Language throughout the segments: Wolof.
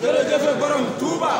jërëjëf borom Touba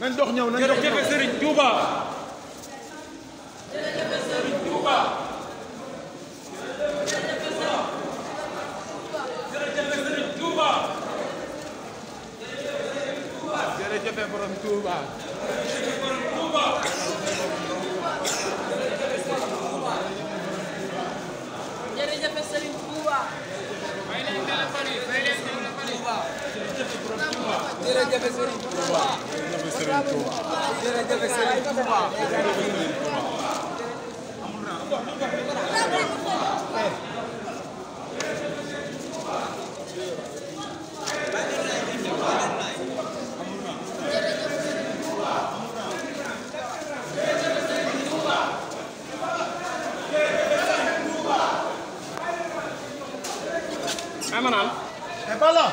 nañ dox ñëw nañ dox ñëw jërëjëf Serigne Derece ve senin Tuğba. Derece ve senin Tuğba. Hemen al. Hep Allah.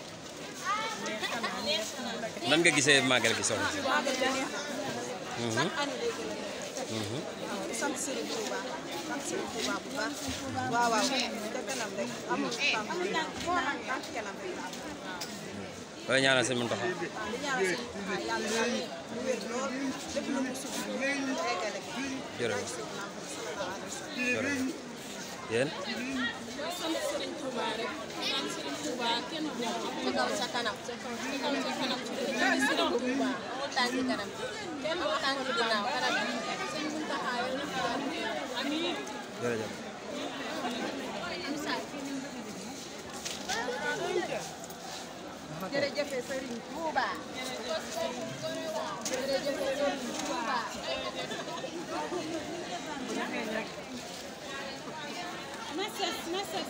lan nga gisee màggal gi soxna jërëjëf jërëjëf Serigne Touba jërëjëf Serigne Touba ma sës ma sës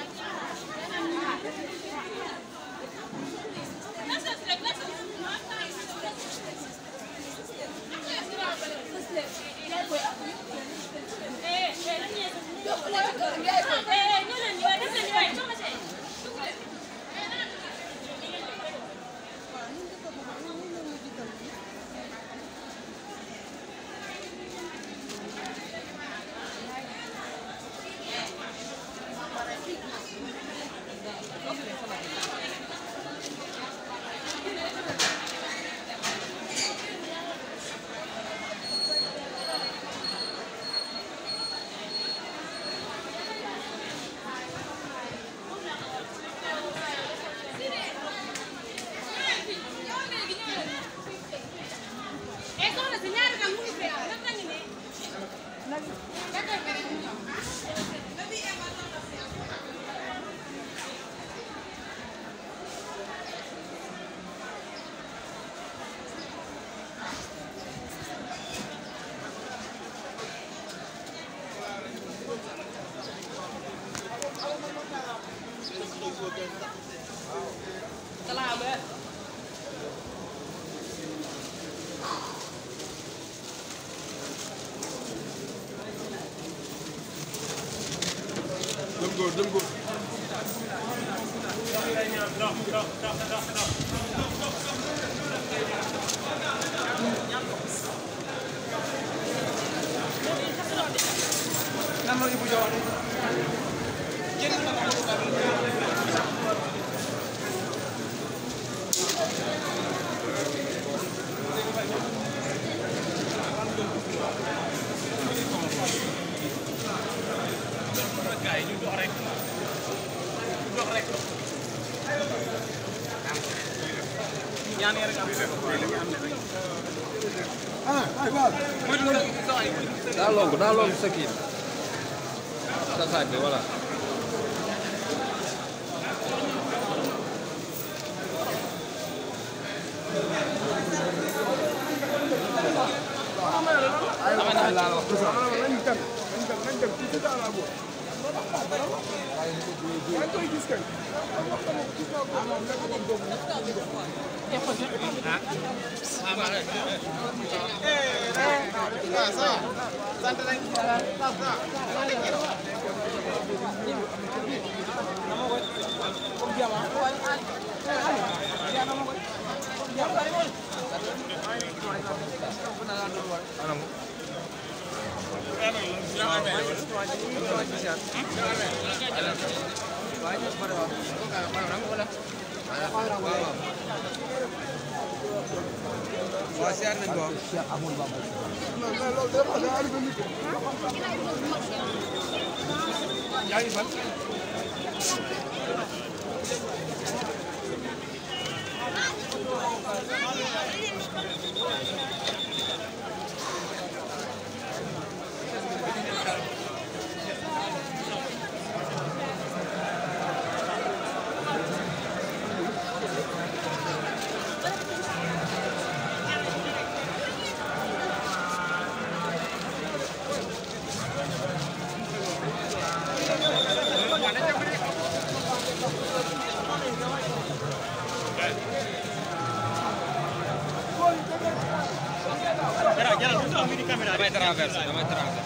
daa lonk daa lonk sa kii sa saag bi voilà. aywa aywa aywa aywa aywa aywa aywa aywa aywa aywa aywa aywa aywa aywa Anam ah, waaw siyaar nañ ko yaa ngi fan mettere alla versa, da mettere alla versa.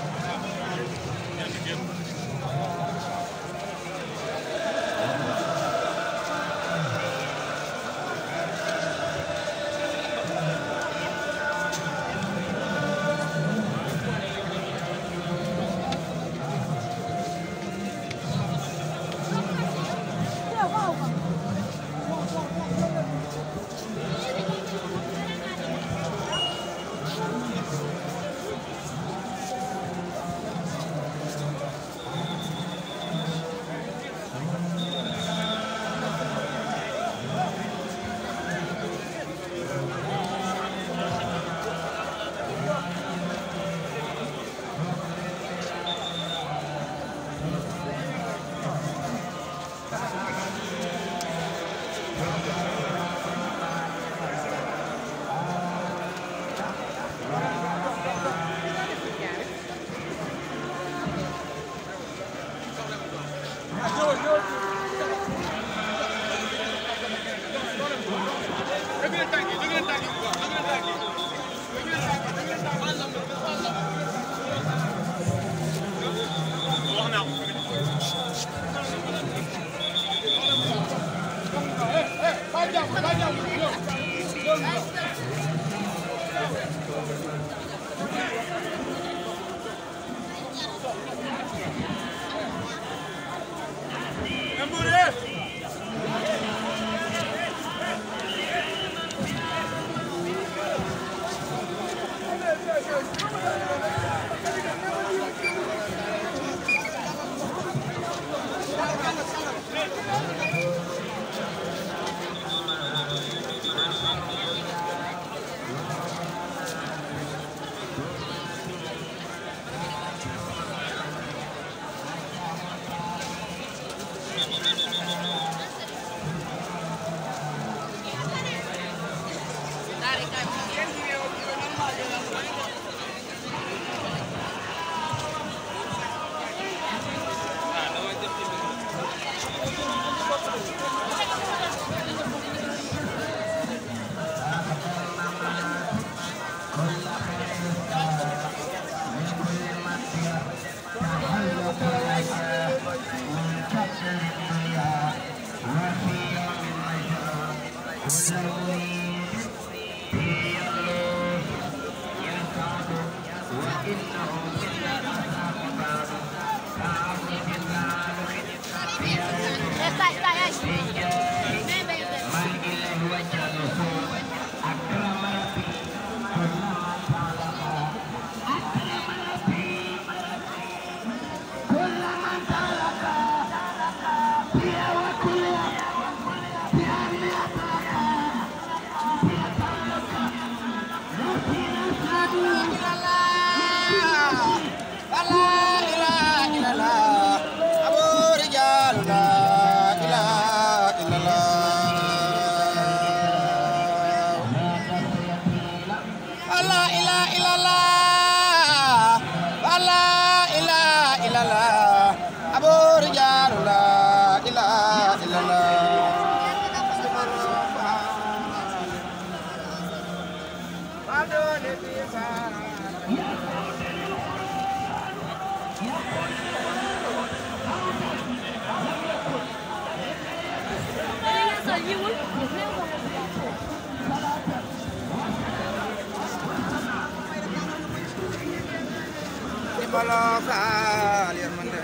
baloo xaal yërmande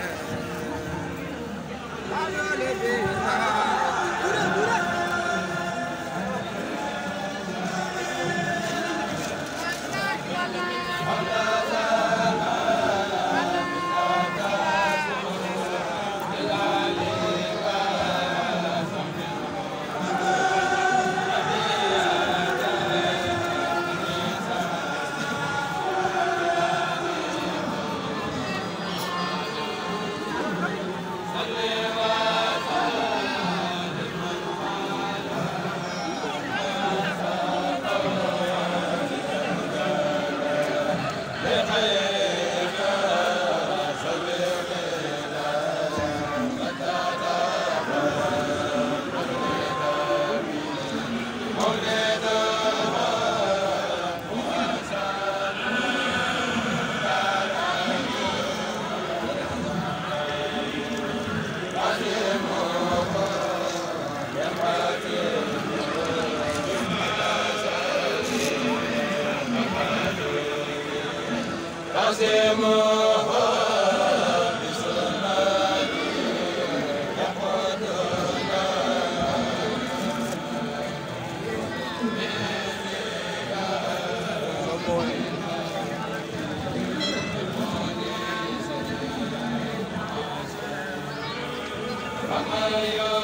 Hallelujah.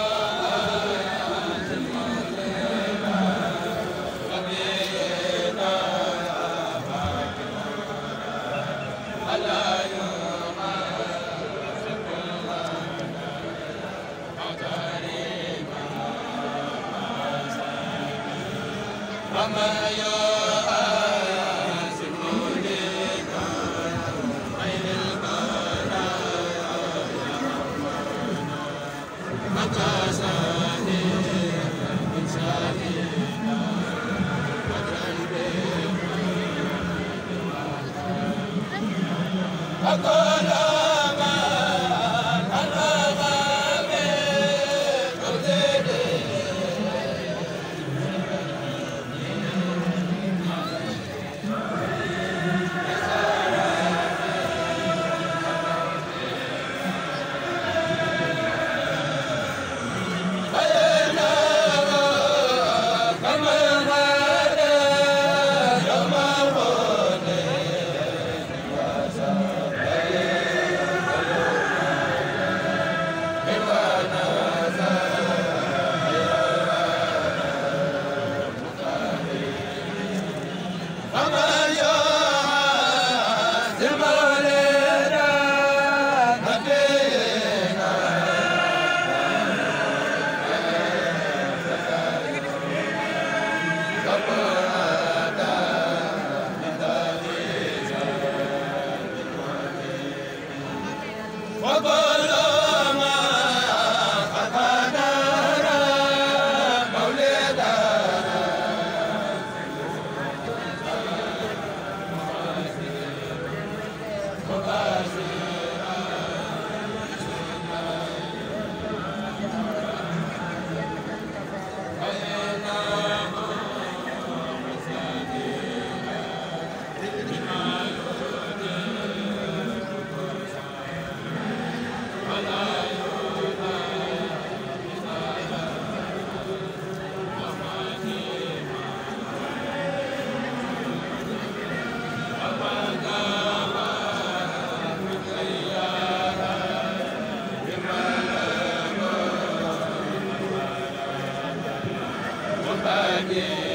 amiin